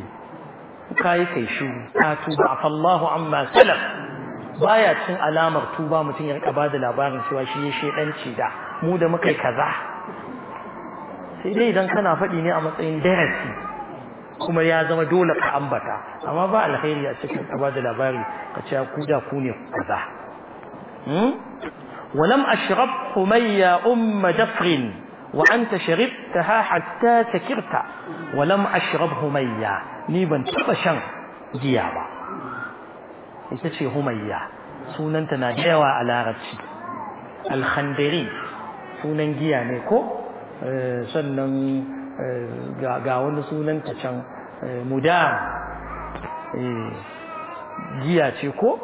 ka yi kai shiru ka tuba fallahu amma salam baya cin alamar tuba mutum ya rika ba da labarin cewa shi ya shedanci da mu da muka yi kaza sai dai idan kana faɗi ne a matsayin darasi kuma ya zama dole ka ambata amma ba alheri a cikin ka ba da labari ka ce ku da ku ne kaza hmm ولم اشرب حمي ام جفر وانت شربتها حتى سكرت ولم اشرب حمي ni ban taba shan giya ba ita ce humayya sunanta na da yawa a larabci alkhandari sunan giya ne ko Eh, sannan eh, ga wani sunan ta can eh, muda giya ce ko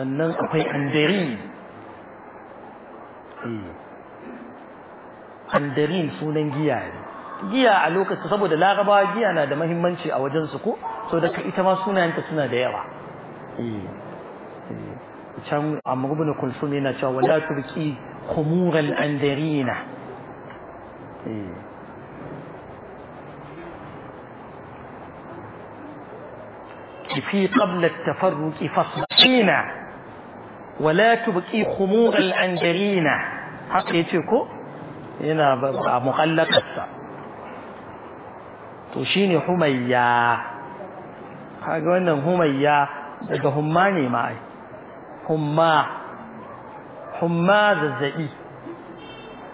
sannan akwai andarin andarin sunan giya ne giya a lokacin saboda larabawa giya na da mahimmanci a wajen su ko so da ka ita ma sunayenta suna da yawa can amma na kulsum yana cewa wala tubqi kumuran andarina إيه. إيه في قبل التفرج فاصبحينا ولا تبكي خمور الأنجلينا حقيقتكو هنا مخلقة توشيني حمية حقوانا حمية هماني معي هما هما ذا زئيك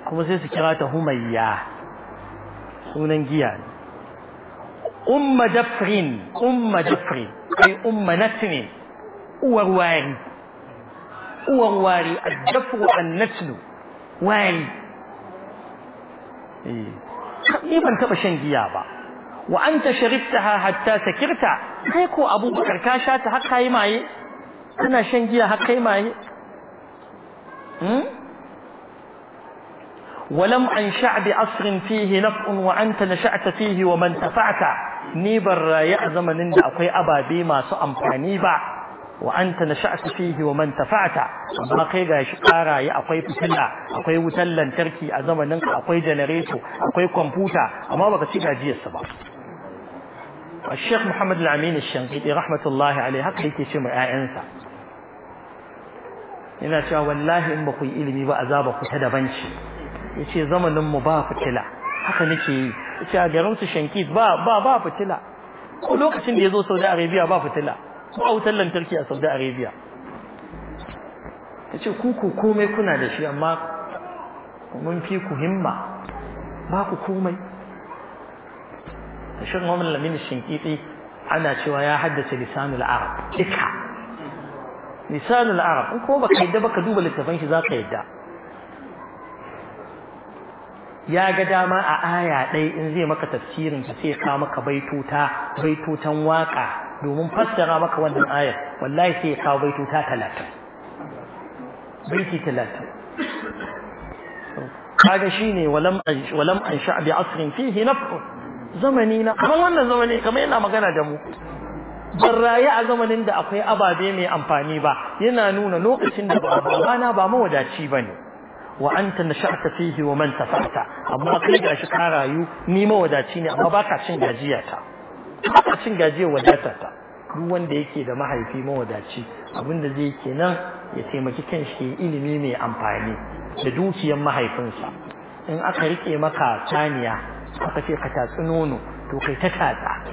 kuma sai su kira ta humayya sunan giya umma dafrin umma dafrin ai umma natni uwar wari uwar wari addafru annatlu wari ni ban taba shan giya ba wa anta sharibtaha hatta sakirta kai ko abu bakar ka sha ta har kai maye kana shan giya har kai maye hmm ولم أنشأ بعصر فيه نفع وأنت نشأت فيه ومن تفعت نيبر رايع زمن أقوي أبا بما سأم فنيبا وأنت نشأت فيه ومن تفعت أما قيغا شقارا يا أقوي بسلا أقوي وتلا تركي أزمن أقوي جنريتو أقوي كمبيوتر أما بقى تيجا جي السبب الشيخ محمد العمين الشنقيطي رحمة الله عليه حقا يكي شمع أعنسا ina cewa wallahi in ba ku yi ilimi ba azaba ku ta daban ce yace zamanin mu ba fitila haka nake yi yace a garin su shankit ba ba fitila ko lokacin da ya zo Saudi Arabia ba fitila ko a wutar lantarki a Saudi Arabia yace ku ku komai kuna da shi amma mun fi ku himma ba ku komai Shin Muhammad Lamin Shinkiti ana cewa ya haddace lisanul Arab duka lisanul Arab in ko baka yadda baka duba littafin shi za ka yadda ya ga dama a aya ɗaya in zai maka tafsirin ta sai ka maka baituta baitutan waka domin fassara maka wannan aya. wallahi sai ya kawo baituta talatin baiti talatin kaga shine walam walam an sha bi asrin fihi naf'u zamani na kamar wannan zamani kamar yana magana da mu ban rayu a zamanin da akwai ababe mai amfani ba yana nuna lokacin da ba ba ba mawadaci bane wa anta nasharta fihi wa man tafarta amma kai ga shi karayu ni mawadaci ne amma baka cin gajiya ta baka cin gajiyar wadatar ta duk wanda yake da mahaifi mawadaci abinda zai kenan ya taimaki kanshi ilimi mai amfani da dukiyar mahaifinsa in aka rike maka taniya aka ce ka tatsi nono to kai ta tatsa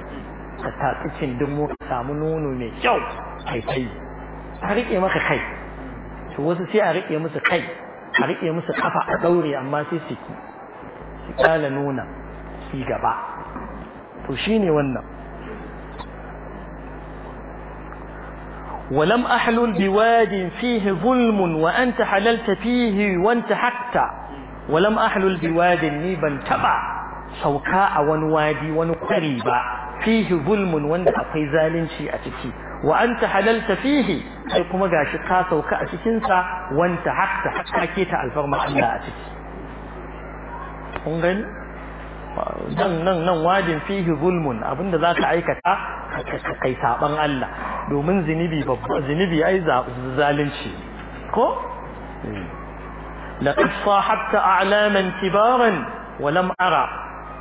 ka tatsi cin mu ka samu nono mai kyau kai kai a rike maka kai to wasu sai a rike musu kai riƙe musu kafa a daure amma sai su ki su kala nuna su gaba to shine wannan ولم أحلل بواد فيه ظلم وأنت حللت فيه وأنت حتى ولم أحلل بواد نيبا تبع سوكاء ونوادي ونقريبا فيه ظلم وأنت أقي ذالنشي أتكي وأنت حللت فيه kai kuma gashi ka sauka a cikin sa wanta hakta kake ta alfarma Allah a ciki kun gani dan nan nan wajin fihi zulmun abinda zaka aikata kai saban Allah domin zinubi babba zinubi ai zalunci ko لقد صاحبت أعلاما كبارا ولم أرى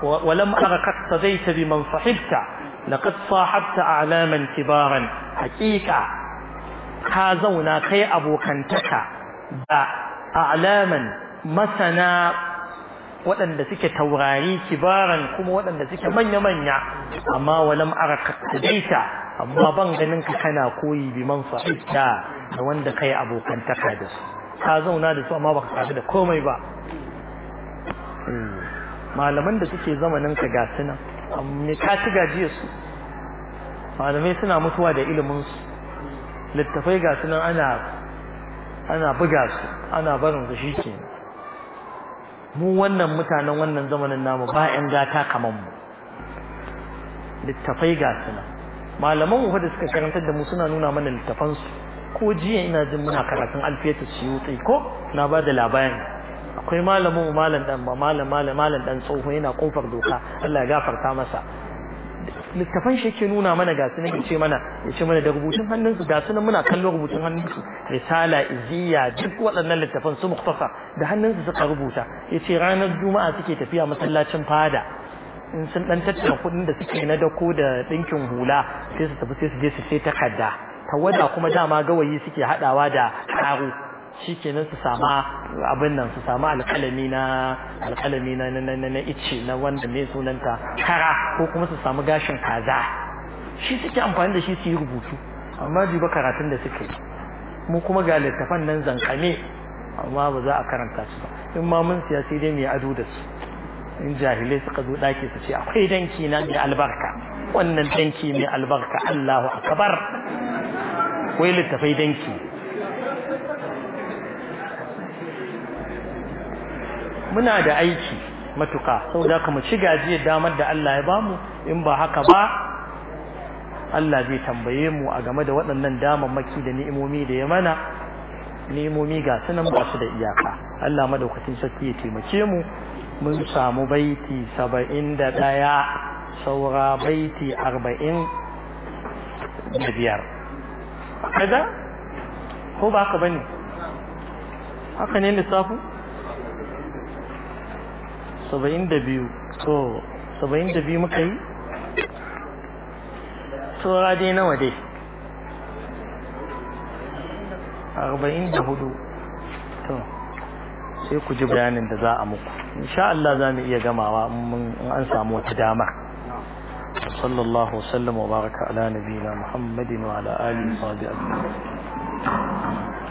ولم أرى قد صديت بمن صحبت لقد صاحبت أعلاما كبارا حقيقة ka zauna kai abokantaka da alaman masana waɗanda suke taurari kibaran kuma waɗanda suke manya-manya amma walam araka kadaita amma ban ganin ka kana koyi bi man sa'ita da wanda kai abokantaka da su ka zauna da su amma baka kafi da komai ba malaman da suke zamanin ka ga sunan amma ka ci jiya su malamai suna mutuwa da ilimin su littafai ga sunan ana ana buga su ana barin su shike mu wannan mutanen wannan zamanin namu ba ƴan gata kaman mu littafai ga sunan malaman mu da suka karantar da mu suna nuna mana littafan su ko jiya ina jin muna karatun alfiyatu suyuti ko na ba da labarin akwai malamin malam dan ba malam malam malam dan tsoho yana kofar doka Allah ya gafarta masa littafan shi yake nuna mana ga sunan ce mana ya ce mana da rubutun hannunsu ga sunan muna kallon rubutun hannunsu risala iziya duk waɗannan littafan su muktasa da hannunsu suka rubuta Ya ce ranar juma'a suke tafiya masallacin fada in sun dan tattara kuɗin da suke na dako da ɗinkin hula sai su tafi sai su je su sai takarda tawada kuma dama gawayi suke haɗawa da haru Shikenan su sama abin nan su sama alƙalami na alƙalami na na ice na wanda mai sunanta kara ko kuma su samu gashin kaza shi suke amfani da shi su yi rubutu amma duba karatun da suke mu kuma ga littafan nan zankame amma ba za a karanta su ba in ma mun siya sai dai mai ado da su in jahilai suka zo ɗaki su ce akwai danki na mai albarka wannan danki mai albarka Allahu akbar wai littafai danki muna da aiki matuka saboda ka mu ci gajiyar damar da Allah ya bamu in ba haka ba Allah zai tambaye mu a game da waɗannan damammaki da ni'imomi da ya mana ni'imomi ga sunan ba su da iyaka Allah madaukakin sarki ya taimake mu mun samu baiti saba'in da ɗaya saura baiti arba'in da biyar ko ba ka bane haka ne lissafin saba'in da biyu so saba'in da biyu muka yi tsora dai nawa dai arba'in da hudu to sai ku ji bayanin da za a muku insha Allah za mu iya gamawa in an samu wata dama Sallallahu الله وسلم وبارك على نبينا محمد وعلى آله wa أجمعين